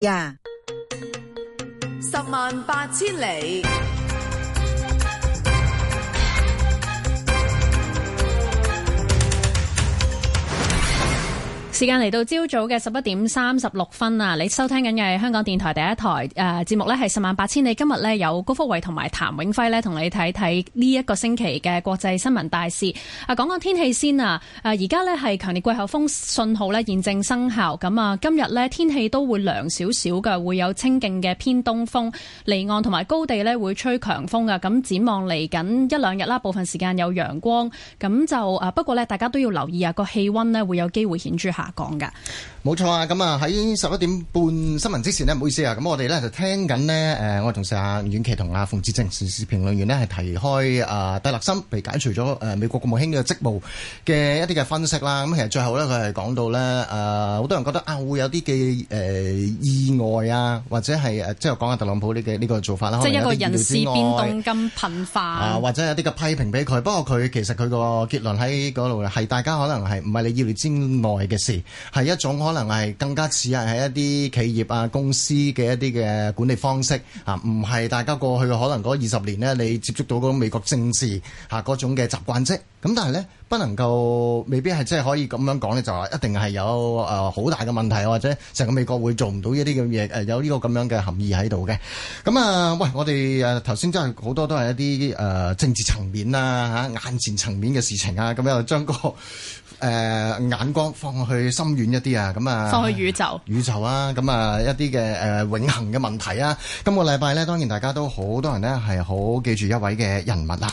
呀，Yeah. 十萬八千里。時間嚟到朝早嘅十一點三十六分啊！你收聽緊嘅香港電台第一台誒、節、呃、目呢係十萬八千里。今日呢有高福慧同埋譚永輝呢同你睇睇呢一個星期嘅國際新聞大事。啊，講講天氣先啊！誒，而家呢係強烈季候風信號呢現正生效，咁啊，今日呢，天氣都會涼少少嘅，會有清勁嘅偏東風，離岸同埋高地呢會吹強風啊。咁展望嚟緊一兩日啦，部分時間有陽光，咁就誒、啊，不過呢，大家都要留意啊，個氣温呢會有機會顯著下。講噶，冇錯啊！咁啊，喺十一點半新聞之前咧，唔好意思啊，咁我哋咧就聽緊咧，誒，我嘅同事阿阮其同阿馮志正時事評論員咧係提開誒戴立森被解除咗誒美國國務卿嘅職務嘅一啲嘅分析啦。咁其實最後咧，佢係講到咧，誒，好多人覺得啊，會有啲嘅誒意外啊，或者係誒，即係講下特朗普呢嘅呢個做法啦。即係一個人事變動咁頻化，或者有一啲嘅批評俾佢。不過佢其實佢個結論喺嗰度係大家可能係唔係你意料之外嘅事。係一種可能係更加似係喺一啲企業啊，公司嘅一啲嘅管理方式啊，唔係大家過去可能嗰二十年咧，你接觸到嗰種美國政治嚇嗰、啊、種嘅習慣啫。啊咁但係咧，不能夠，未必係即係可以咁樣講咧，就話一定係有誒好、呃、大嘅問題，或者成個美國會做唔到呢啲咁嘢有呢個咁樣嘅含義喺度嘅。咁啊、呃，喂，我哋誒頭先真係好多都係一啲誒、呃、政治層面啦、啊、嚇，眼前層面嘅事情啊，咁又將個誒、呃、眼光放去深遠一啲啊，咁啊，放去宇宙宇宙啊，咁啊一啲嘅誒永恆嘅問題啊。今個禮拜咧，當然大家都好多人咧係好記住一位嘅人物啦。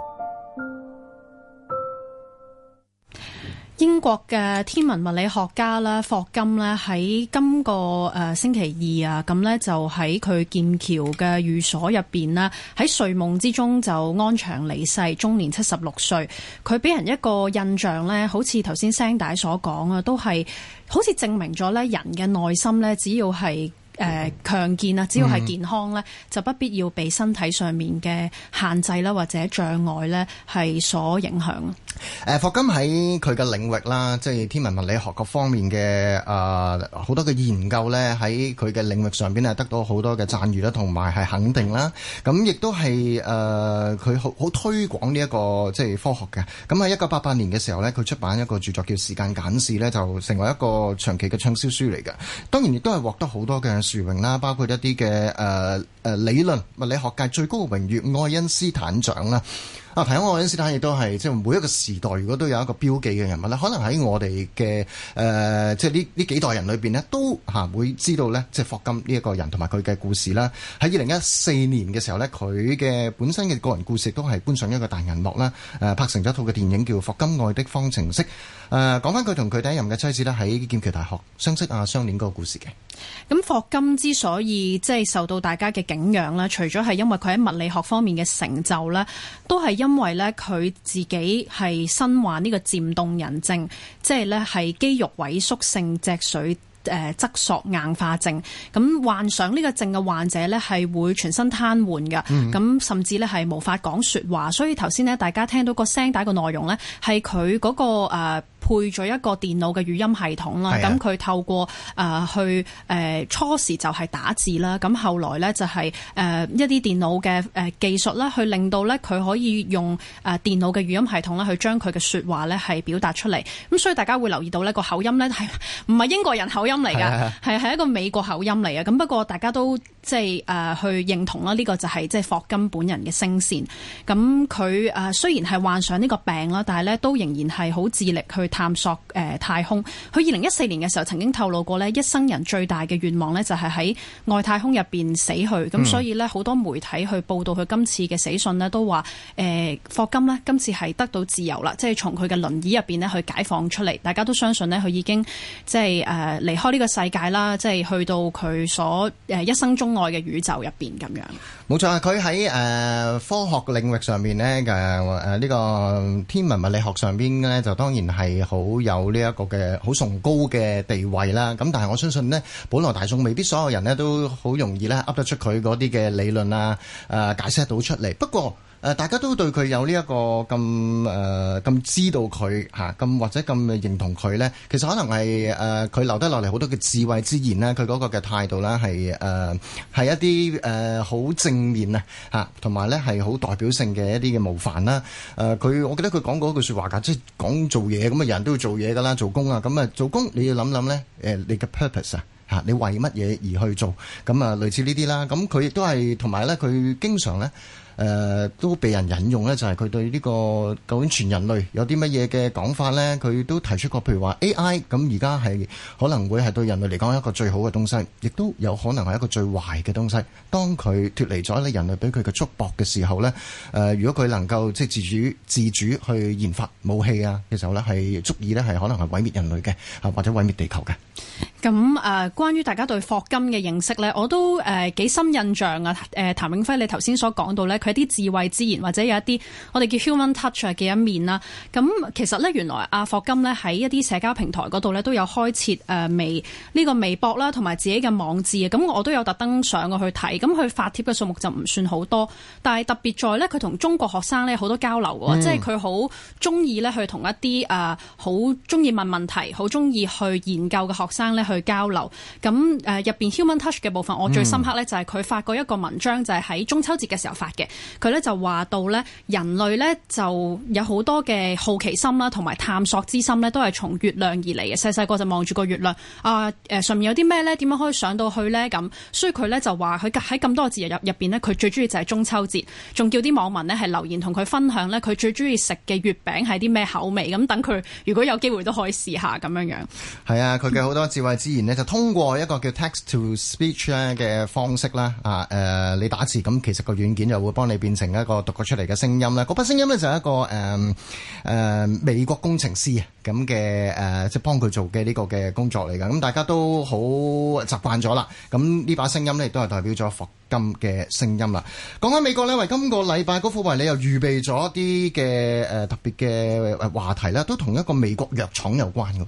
英國嘅天文物理學家啦霍金咧喺今個誒星期二啊，咁咧就喺佢劍橋嘅寓所入邊啦，喺睡夢之中就安詳離世，終年七十六歲。佢俾人一個印象咧，好似頭先聲帶所講啊，都係好似證明咗咧人嘅內心咧、呃，只要係誒強健啊，只要係健康咧，嗯、就不必要被身體上面嘅限制啦或者障礙咧係所影響。霍金喺佢嘅領域啦，即係天文物理學各方面嘅誒，好多嘅研究呢，喺佢嘅領域上邊啊，得到好多嘅讚譽啦，同埋係肯定啦。咁亦都係誒，佢好好推廣呢一個即係科學嘅。咁喺一九八八年嘅時候呢，佢出版一個著作叫《時間簡史》呢就成為一個長期嘅暢銷書嚟嘅。當然亦都係獲得好多嘅殊榮啦，包括一啲嘅誒誒理論物理學界最高嘅榮譽愛因斯坦獎啦。啊！睇《我愛因斯坦》亦都係即係每一個時代，如果都有一個標記嘅人物呢，可能喺我哋嘅誒，即係呢呢幾代人裏面，呢都嚇會知道呢，即係霍金呢一個人同埋佢嘅故事啦。喺二零一四年嘅時候呢，佢嘅本身嘅個人故事都係搬上一個大銀幕啦，拍成咗一套嘅電影叫《霍金愛的方程式》。誒、呃、講翻佢同佢第一任嘅妻子呢，喺劍橋大學相識啊相戀嗰個故事嘅。咁霍金之所以即係、就是、受到大家嘅敬仰啦，除咗係因為佢喺物理學方面嘅成就啦，都係。因為咧，佢自己係身患呢個漸凍人症，即係咧係肌肉萎縮性脊髓誒側索硬化症。咁患上呢個症嘅患者咧，係會全身癱瘓嘅，咁、嗯、甚至咧係無法講說話。所以頭先咧，大家聽到個聲帶個內容咧，係佢嗰個誒。配咗一個電腦嘅語音系統啦，咁佢透過誒去誒初時就係打字啦，咁後來咧就係誒一啲電腦嘅誒技術啦，去令到咧佢可以用誒電腦嘅語音系統咧去將佢嘅說話咧係表達出嚟。咁所以大家會留意到咧個口音咧係唔係英國人口音嚟㗎，係係一個美國口音嚟嘅。咁不過大家都即係誒去認同啦，呢個就係即係霍金本人嘅聲線，咁佢誒雖然係患上呢個病啦，但係咧都仍然係好致力去。探索誒太空，佢二零一四年嘅時候曾經透露過，呢一生人最大嘅願望呢，就係喺外太空入邊死去。咁、嗯、所以呢，好多媒體去報道佢今次嘅死訊呢，都話誒霍金呢，今次係得到自由啦，即係從佢嘅輪椅入邊呢去解放出嚟。大家都相信呢，佢已經即係誒離開呢個世界啦，即係去到佢所誒一生鍾愛嘅宇宙入邊。咁樣冇錯，啊，佢喺誒科學領域上面呢，嘅誒呢個天文物理學上邊呢，就當然係。好有呢一個嘅好崇高嘅地位啦，咁但係我相信咧，本來大眾未必所有人咧都好容易咧噏得出佢嗰啲嘅理論啊，誒解釋到出嚟。不過。大家都對佢有呢、這、一個咁誒咁知道佢嚇、咁、或者咁認同佢咧，其實可能係誒佢留低落嚟好多嘅智慧之言啦，佢嗰個嘅態度啦，係誒係一啲誒好正面啊嚇同埋咧係好代表性嘅一啲嘅模範啦。誒、啊，佢我記得佢講過一句説話㗎，即係講做嘢咁啊，人都要做嘢㗎啦，做工啊，咁啊，做工你要諗諗咧，你嘅 purpose 啊嚇你為乜嘢而去做？咁啊，類似、啊、呢啲啦。咁佢亦都係同埋咧，佢經常咧。誒、呃、都被人引用咧，就係、是、佢對呢、這個究竟全人類有啲乜嘢嘅講法呢，佢都提出過，譬如話 A.I. 咁而家係可能會係對人類嚟講一個最好嘅東西，亦都有可能係一個最壞嘅東西。當佢脫離咗咧人類俾佢嘅束縛嘅時候呢，誒、呃、如果佢能夠即係自主自主去研發武器啊嘅時候咧，係足以呢，係可能係毀滅人類嘅，或者毀滅地球嘅。咁誒、呃，關於大家對霍金嘅認識呢，我都誒幾、呃、深印象啊！誒、呃，譚永輝你頭先所講到呢。有一啲智慧之言，或者有一啲我哋叫 human touch 嘅一面啦。咁其實呢，原來阿霍金呢喺一啲社交平台嗰度呢，都有開設誒微呢個微博啦，同埋自己嘅網誌。咁我都有特登上過去睇，咁佢發帖嘅數目就唔算好多，但係特別在呢，佢同中國學生呢好多交流嘅，mm. 即係佢好中意呢去同一啲誒好中意問問題、好中意去研究嘅學生呢去交流。咁誒入邊 human touch 嘅部分，我最深刻呢就係佢發過一個文章，就係喺中秋節嘅時候發嘅。佢咧就話到咧，人類咧就有好多嘅好奇心啦，同埋探索之心咧，都係從月亮而嚟嘅。細細個就望住個月亮啊，誒、呃，上面有啲咩咧？點樣可以上到去咧？咁，所以佢咧就話佢喺咁多個節日入入邊咧，佢最中意就係中秋節。仲叫啲網民咧係留言同佢分享咧，佢最中意食嘅月餅係啲咩口味？咁等佢如果有機會都可以試下咁樣樣。係啊，佢嘅好多智慧之言呢，就通過一個叫 text to speech 嘅方式啦。啊，誒、呃，你打字咁，其實個軟件就會幫幫你變成一個讀過出嚟嘅聲音咧，嗰把聲音咧就係一個誒誒、呃呃、美國工程師啊咁嘅誒，即係幫佢做嘅呢個嘅工作嚟噶，咁大家都好習慣咗啦。咁呢把聲音咧亦都係代表咗咁嘅聲音啦，講緊美國呢，為今個禮拜嗰個話你又預備咗啲嘅誒特別嘅話題咧，都同一個美國藥廠有關嘅喎。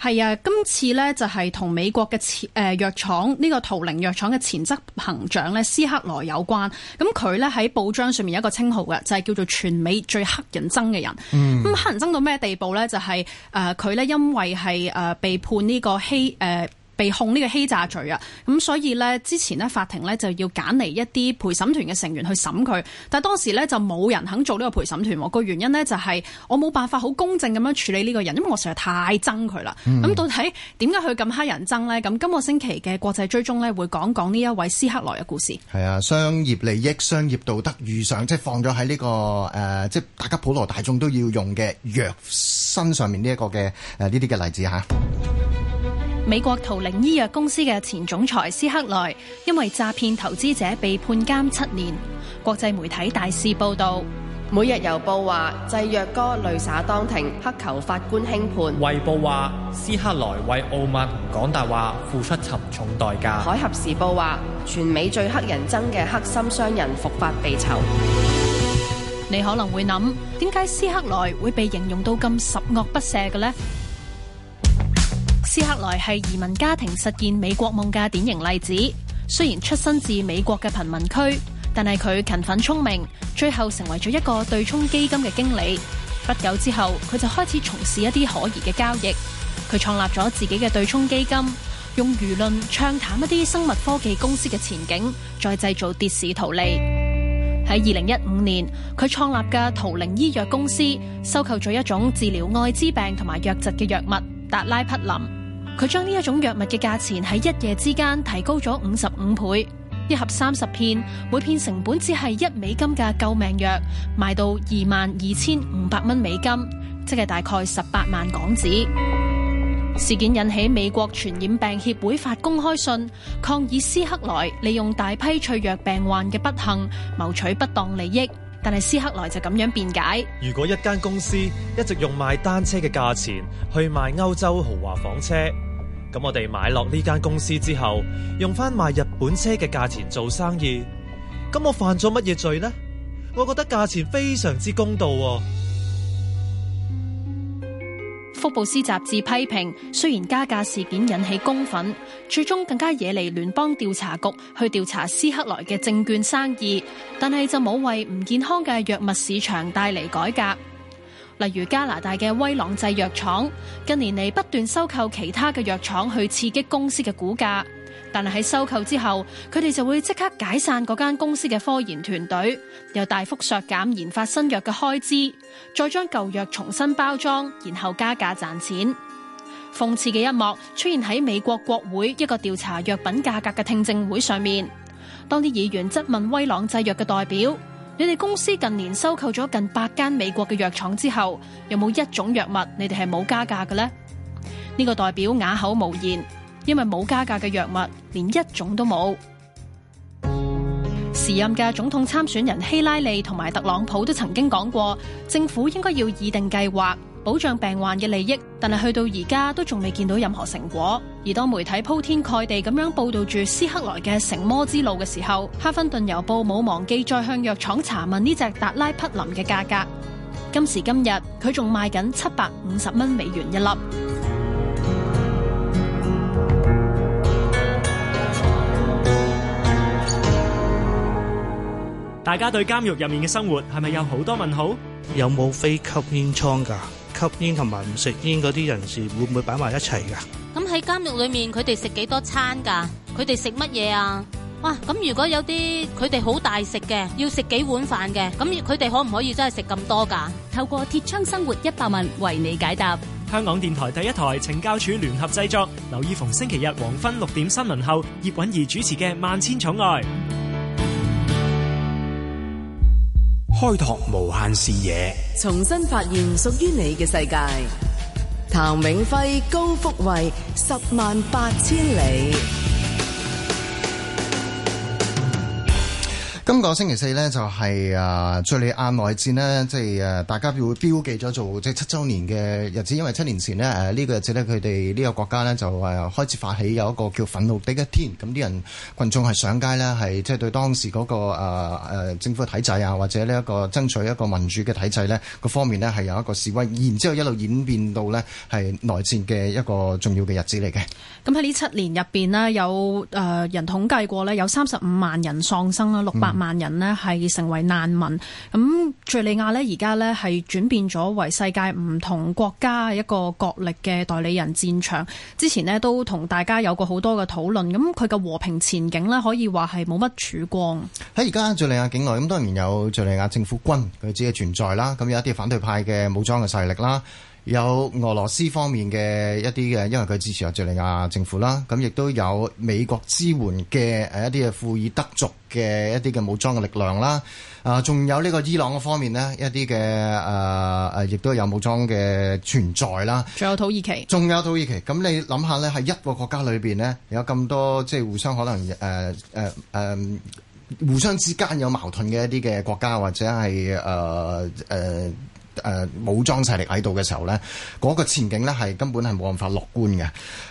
係啊，今次呢就係、是、同美國嘅前誒、呃、藥廠呢、這個圖靈藥廠嘅前執行長呢，斯克萊有關。咁佢呢喺報章上面有一個稱號嘅，就係、是、叫做全美最黑人憎嘅人。咁、嗯、黑人憎到咩地步呢？就係誒佢呢，因為係誒、呃、被判呢個欺誒。呃被控呢個欺詐罪啊，咁所以呢，之前呢法庭呢就要揀嚟一啲陪審團嘅成員去審佢，但係當時呢就冇人肯做呢個陪審團，個原因呢就係我冇辦法好公正咁樣處理呢個人，因為我實在太憎佢啦。咁、嗯、到底點解佢咁黑人憎呢？咁今個星期嘅國際追蹤呢，會講講呢一位斯克萊嘅故事。係啊，商業利益、商業道德遇上，即係放咗喺呢個誒、呃，即係大家普羅大眾都要用嘅藥身上面呢一個嘅誒呢啲嘅例子吓。啊美國圖靈醫藥公司嘅前總裁斯克萊因為詐騙投資者被判監七年。國際媒體大肆報道，每日郵報話製藥哥淚灑當庭，乞求法官輕判。衛報話斯克萊為傲慢同講大話付出沉重代價。海峽時報話全美最黑人憎嘅黑心商人復發被囚。你可能會諗，點解斯克萊會被形容到咁十惡不赦嘅呢？斯克萊係移民家庭實現美國夢嘅典型例子。雖然出身自美國嘅貧民區，但係佢勤奮聰明，最後成為咗一個對沖基金嘅經理。不久之後，佢就開始從事一啲可疑嘅交易。佢創立咗自己嘅對沖基金，用輿論唱淡一啲生物科技公司嘅前景，再製造跌市圖利。喺二零一五年，佢創立嘅圖靈醫藥公司收購咗一種治療艾滋病同埋瘧疾嘅藥物達拉匹林。佢將呢一種藥物嘅價錢喺一夜之間提高咗五十五倍，一盒三十片，每片成本只係一美金嘅救命藥，賣到二萬二千五百蚊美金，即係大概十八萬港紙。事件引起美國傳染病協會發公開信，抗議斯克來利，利用大批脆弱病患嘅不幸，謀取不當利益。但係斯克萊就咁樣辯解：如果一間公司一直用賣單車嘅價錢去賣歐洲豪華房車，咁我哋買落呢間公司之後，用翻賣日本車嘅價錢做生意，咁我犯咗乜嘢罪呢？我覺得價錢非常之公道。福布斯雜誌批評，雖然加價事件引起公憤，最終更加惹嚟聯邦調查局去調查斯克萊嘅證券生意，但係就冇為唔健康嘅藥物市場帶嚟改革。例如加拿大嘅威朗製藥廠近年嚟不斷收購其他嘅藥廠，去刺激公司嘅股價。但係喺收購之後，佢哋就會即刻解散嗰間公司嘅科研團隊，又大幅削減研發新藥嘅開支，再將舊藥重新包裝，然後加價賺錢。諷刺嘅一幕出現喺美國國會一個調查藥品價格嘅聽證會上面。當啲議員質問威朗製藥嘅代表：「你哋公司近年收購咗近百間美國嘅藥廠之後，有冇一種藥物你哋係冇加價嘅呢？」呢個代表啞口無言。因為冇加價嘅藥物，連一種都冇。時任嘅總統參選人希拉里同埋特朗普都曾經講過，政府應該要擬定計劃保障病患嘅利益，但係去到而家都仲未見到任何成果。而當媒體鋪天蓋地咁樣報道住斯克萊嘅《成魔之路》嘅時候，《哈芬頓郵報》冇忘記再向藥廠查問呢隻達拉匹林嘅價格。今時今日，佢仲賣緊七百五十蚊美元一粒。大家對監獄入面嘅生活係咪有好多問號？有冇非吸煙倉噶？吸煙同埋唔食煙嗰啲人士會唔會擺埋一齊噶？咁喺監獄裏面，佢哋食幾多餐噶？佢哋食乜嘢啊？哇！咁如果有啲佢哋好大食嘅，要食幾碗飯嘅，咁佢哋可唔可以真係食咁多噶？透過鐵窗生活一百問為你解答。香港電台第一台懲教處聯合製作，留意逢星期日黃昏六點新聞後，葉蘊儀主持嘅萬千寵愛。開拓無限視野，重新發現屬於你嘅世界。譚永輝、高福慧，十萬八千里。今個星期四呢、就是，就係啊，敘利亞內戰呢即係誒，大家會標記咗做即係七週年嘅日子，因為七年前呢，呢、這個日子呢，佢哋呢個國家呢，就誒開始發起有一個叫憤怒的一天，咁啲人群眾係上街呢，係即係對當時嗰、那個誒、呃、政府體制啊，或者呢一個爭取一個民主嘅體制呢，各方面呢係有一個示威，然之後一路演變到呢，係內戰嘅一個重要嘅日子嚟嘅。咁喺呢七年入面呢，有誒人統計過呢，有三十五萬人喪生啦，六百萬人呢係成為難民，咁敘利亞呢而家呢係轉變咗為世界唔同國家一個角力嘅代理人戰場。之前呢都同大家有過好多嘅討論，咁佢嘅和平前景呢，可以話係冇乜曙光。喺而家敘利亞境內咁當然有敘利亞政府軍佢自己存在啦，咁有一啲反對派嘅武裝嘅勢力啦。有俄羅斯方面嘅一啲嘅，因為佢支持阿敍利亞政府啦，咁亦都有美國支援嘅誒一啲嘅庫爾德族嘅一啲嘅武裝嘅力量啦。啊，仲有呢個伊朗方面呢，一啲嘅誒誒，亦都有武裝嘅存在啦。仲有土耳其，仲有土耳其。咁你諗下咧，喺一個國家裏邊呢，有咁多即係互相可能誒誒誒，互相之間有矛盾嘅一啲嘅國家，或者係誒誒。呃呃誒，武裝勢力喺度嘅時候咧，嗰個前景咧係根本係冇辦法樂觀嘅。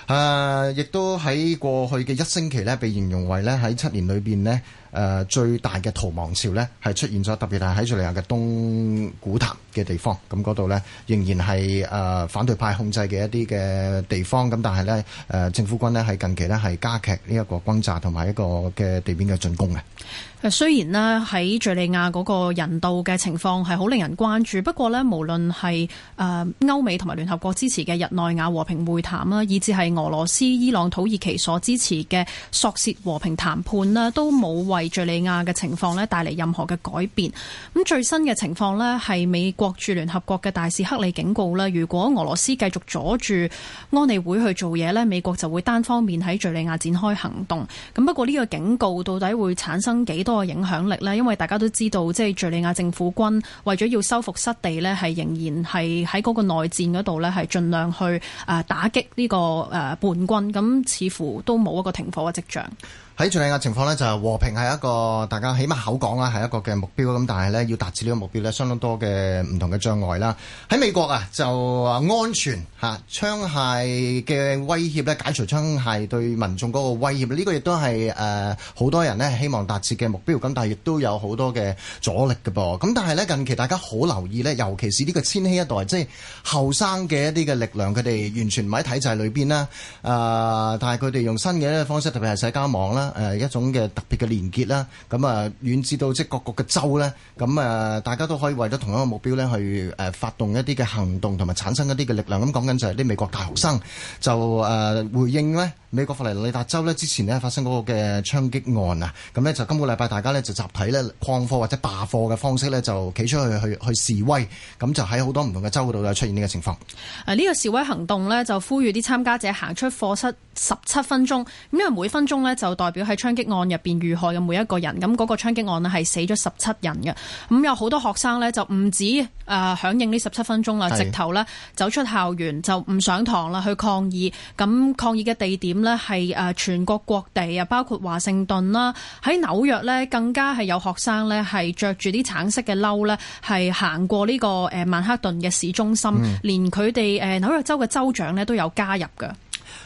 誒，亦都喺過去嘅一星期咧，被形容為咧喺七年裏邊咧。誒、呃、最大嘅逃亡潮呢，係出現咗，特別係喺敘利亞嘅東古塔嘅地方。咁嗰度呢，仍然係誒、呃、反對派控制嘅一啲嘅地方。咁但係呢，誒、呃、政府軍呢，係近期呢，係加劇呢一個轟炸同埋一個嘅地面嘅進攻嘅。雖然呢，喺敘利亞嗰個人道嘅情況係好令人關注，不過呢，無論係誒歐美同埋聯合國支持嘅日內瓦和平會談啦，以至係俄羅斯、伊朗、土耳其所支持嘅索泄和平談判啦，都冇為。係敘利亞嘅情況咧，帶嚟任何嘅改變。咁最新嘅情況咧，係美國駐聯合國嘅大使克里警告咧，如果俄羅斯繼續阻住安理會去做嘢咧，美國就會單方面喺敘利亞展開行動。咁不過呢個警告到底會產生幾多嘅影響力呢？因為大家都知道，即係敘利亞政府軍為咗要收復失地咧，係仍然係喺嗰個內戰嗰度咧，係盡量去誒打擊呢個誒叛軍。咁似乎都冇一個停火嘅跡象。敘利亞嘅情況呢就係和平係一個大家起碼口講啦，係一個嘅目標。咁但係呢，要達至呢個目標呢，相當多嘅唔同嘅障礙啦。喺美國啊，就安全嚇、啊、槍械嘅威脅呢，解除槍械對民眾嗰個威脅，呢、呢個亦都係誒好多人呢希望達至嘅目標。咁但係亦都有好多嘅阻力㗎噃。咁但係呢，近期大家好留意呢，尤其是呢個千禧一代，即係後生嘅一啲嘅力量，佢哋完全唔喺體制裏面啦。誒、呃，但係佢哋用新嘅一啲方式，特別係社交網啦。誒、呃、一種嘅特別嘅連結啦，咁啊遠至到即係各個嘅州呢。咁啊大家都可以為咗同一個目標呢，去誒發動一啲嘅行動，同埋產生一啲嘅力量。咁、啊、講緊就係啲美國大學生就誒、啊、回應呢美國佛羅里達州咧之前咧發生嗰個嘅槍擊案啊，咁呢，就今個禮拜大家呢就集體呢，曠課或者罷課嘅方式呢，就企出去去去示威，咁就喺好多唔同嘅州度咧出現呢個情況。誒呢、啊這個示威行動呢，就呼籲啲參加者行出課室。十七分鐘，咁因為每分鐘呢就代表喺槍擊案入邊遇害嘅每一個人，咁、那、嗰個槍擊案呢係死咗十七人嘅，咁有好多學生呢就唔止誒響應呢十七分鐘啦，是直頭呢走出校園就唔上堂啦，去抗議。咁抗議嘅地點呢係誒全國各地啊，包括華盛頓啦，喺紐約呢更加係有學生呢係着住啲橙色嘅褸呢，係行過呢個曼克頓嘅市中心，嗯、連佢哋誒紐約州嘅州長呢都有加入嘅。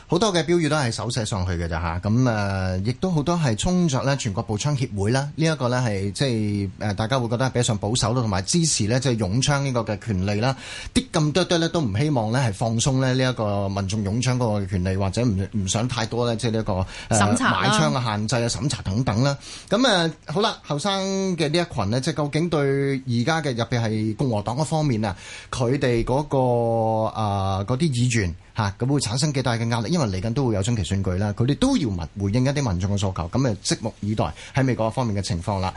好多嘅標語都係手寫上去嘅咋。吓，咁誒亦都好多係衝着咧全國步槍協會啦，呢、這、一個咧係即係大家會覺得係比上保守咯，同埋支持咧即係擁槍呢個嘅權利啦。啲咁多堆咧都唔希望咧係放鬆咧呢一個民眾擁槍嗰個權利，或者唔唔想太多咧即係呢一個誒買槍嘅限制啊、審查等等啦。咁、啊、好啦，後生嘅呢一群呢，即係究竟對而家嘅入邊係共和黨嗰方面啊，佢哋嗰個嗰啲、呃、議員嚇，咁、啊、會產生幾大嘅壓力，因為嚟緊都會有中期選舉啦，佢哋都要民回應一啲民眾嘅訴求，咁咪拭目以待喺美國方面嘅情況啦。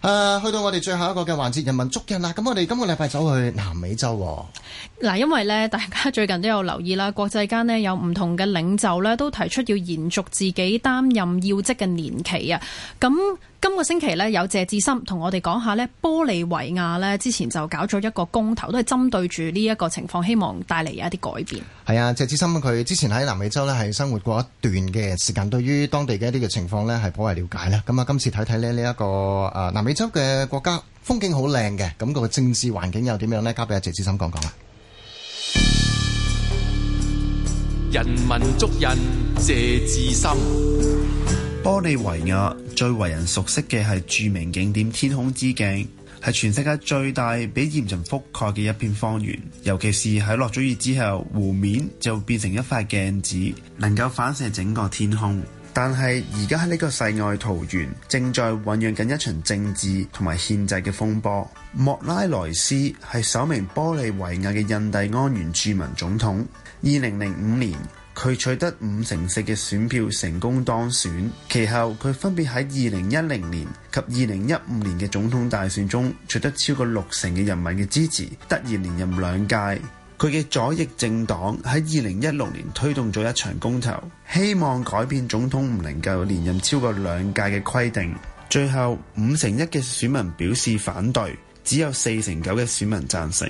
誒、啊，去到我哋最後一個嘅環節，人民足印人文足印啦，咁我哋今個禮拜走去南美洲。嗱，因為呢，大家最近都有留意啦，國際間呢有唔同嘅領袖呢都提出要延續自己擔任要職嘅年期啊，咁。今個星期咧，有謝智森同我哋講下呢玻利維亞咧之前就搞咗一個公投，都係針對住呢一個情況，希望帶嚟一啲改變。係啊，謝智森佢之前喺南美洲咧係生活過一段嘅時間，對於當地嘅一啲嘅情況咧係頗為了解咧。咁啊，今次睇睇咧呢一個啊、呃、南美洲嘅國家風景好靚嘅，咁、那個政治環境又點樣咧？交俾阿謝智森講講啦。人文足印，謝智森，玻利維亞。最為人熟悉嘅係著名景點天空之鏡，係全世界最大、俾鹽塵覆蓋嘅一片方圓。尤其是喺落咗雨之後，湖面就變成一塊鏡子，能夠反射整個天空。但係而家喺呢個世外桃源，正在醞釀緊一場政治同埋憲制嘅風波。莫拉萊斯係首名玻利維亞嘅印第安原住民總統，二零零五年。佢取得五成四嘅選票成功當選，其後佢分別喺二零一零年及二零一五年嘅總統大選中取得超過六成嘅人民嘅支持，得以連任兩屆。佢嘅左翼政黨喺二零一六年推動咗一場公投，希望改變總統唔能夠連任超過兩屆嘅規定。最後五成一嘅選民表示反對，只有四成九嘅選民贊成。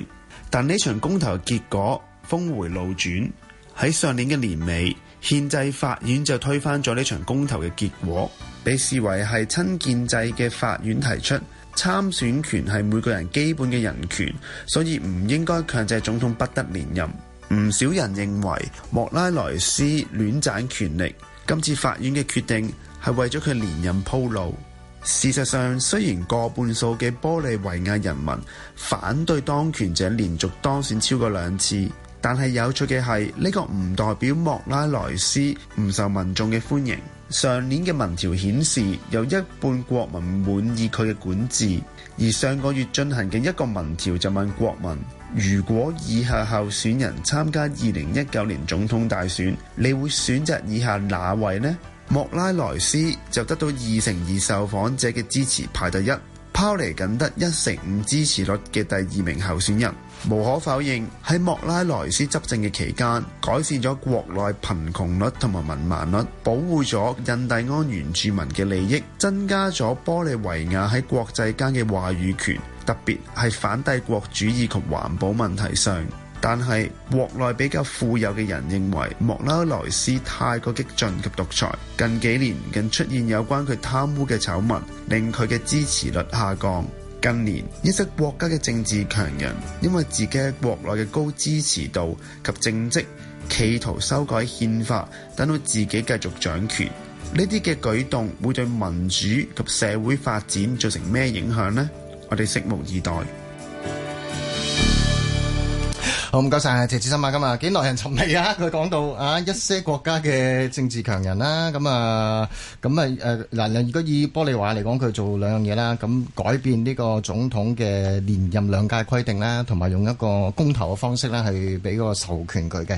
但呢場公投結果峰回路轉。喺上年嘅年尾，憲制法院就推翻咗呢場公投嘅結果，被視為係親建制嘅法院提出參選權係每個人基本嘅人權，所以唔應該強制總統不得連任。唔少人認為莫拉萊斯亂斬權力，今次法院嘅決定係為咗佢連任鋪路。事實上，雖然過半數嘅玻利維亞人民反對當權者連續當選超過兩次。但係有趣嘅係，呢、這個唔代表莫拉萊斯唔受民眾嘅歡迎。上年嘅民調顯示，有一半國民滿意佢嘅管治。而上個月進行嘅一個民調就問國民：如果以下候選人參加二零一九年總統大選，你會選擇以下哪位呢？莫拉萊斯就得到二成二受訪者嘅支持，排第一。拋離僅得一成五支持率嘅第二名候選人。無可否認喺莫拉萊斯執政嘅期間，改善咗國內貧窮率同埋文盲率，保護咗印第安原住民嘅利益，增加咗玻利維亞喺國際間嘅話語權，特別係反帝國主義及環保問題上。但係，國內比較富有嘅人認為莫拉萊斯太過激進及獨裁。近幾年，更出現有關佢貪污嘅醜聞，令佢嘅支持率下降。近年，一些國家嘅政治強人，因為自己喺國內嘅高支持度及政績，企圖修改憲法，等到自己繼續掌權。呢啲嘅舉動會對民主及社會發展造成咩影響呢？我哋拭目以待。唔該晒，謝智森啊，今日幾耐人尋味啊！佢講到啊，一些國家嘅政治強人啦，咁啊，咁啊，誒，兩兩如果以玻利瓦嚟講，佢做兩樣嘢啦，咁改變呢個總統嘅連任兩屆規定啦，同埋用一個公投嘅方式咧，去俾個授權佢嘅。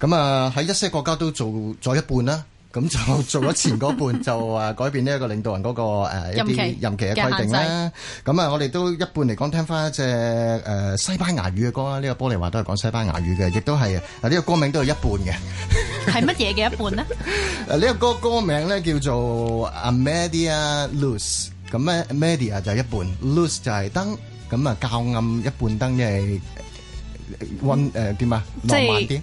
咁啊，喺一些國家都做咗一半啦。咁就做咗前嗰半，就啊改變呢一個領導人嗰個誒一啲任期嘅限制。咁啊，我哋都一半嚟講，聽翻一隻誒西班牙語嘅歌啦。呢個玻利華都係講西班牙語嘅，亦都係啊呢個歌名都係一半嘅，係乜嘢嘅一半呢？誒呢個歌歌名咧叫做 A Media Loose，咁咩 Media 就係一半，Loose 就係燈，咁啊較暗一半燈即係温誒點啊浪漫啲。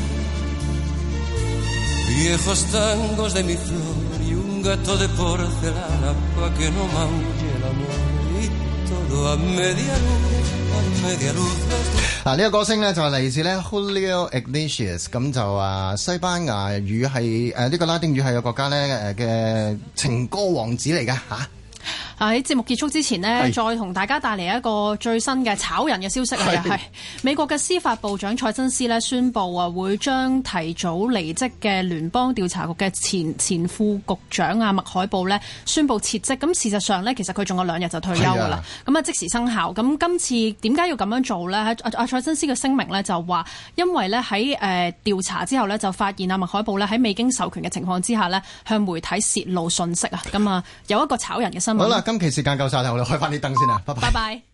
啊，呢個歌聲咧就係嚟自咧 Julio Iglesias 咁就啊西班牙語係誒呢、這個拉丁語系嘅國家咧誒嘅情歌王子嚟噶吓。喺節目結束之前呢是再同大家帶嚟一個最新嘅炒人嘅消息啊！係是美國嘅司法部長蔡真斯呢宣布啊會將提早離職嘅聯邦調查局嘅前前副局長啊麥海布呢宣布撤職。咁事實上呢其實佢仲有兩日就退休㗎啦。咁啊，即時生效。咁今次點解要咁樣做呢？阿、啊、阿、啊、蔡真斯嘅聲明呢就話，因為呢喺誒調查之後呢，就發現啊麥海布呢喺未經授權嘅情況之下呢，向媒體泄露信息啊。咁啊，有一個炒人嘅新聞。今期時間夠晒啦，我哋開翻啲燈先啦，拜拜。Bye bye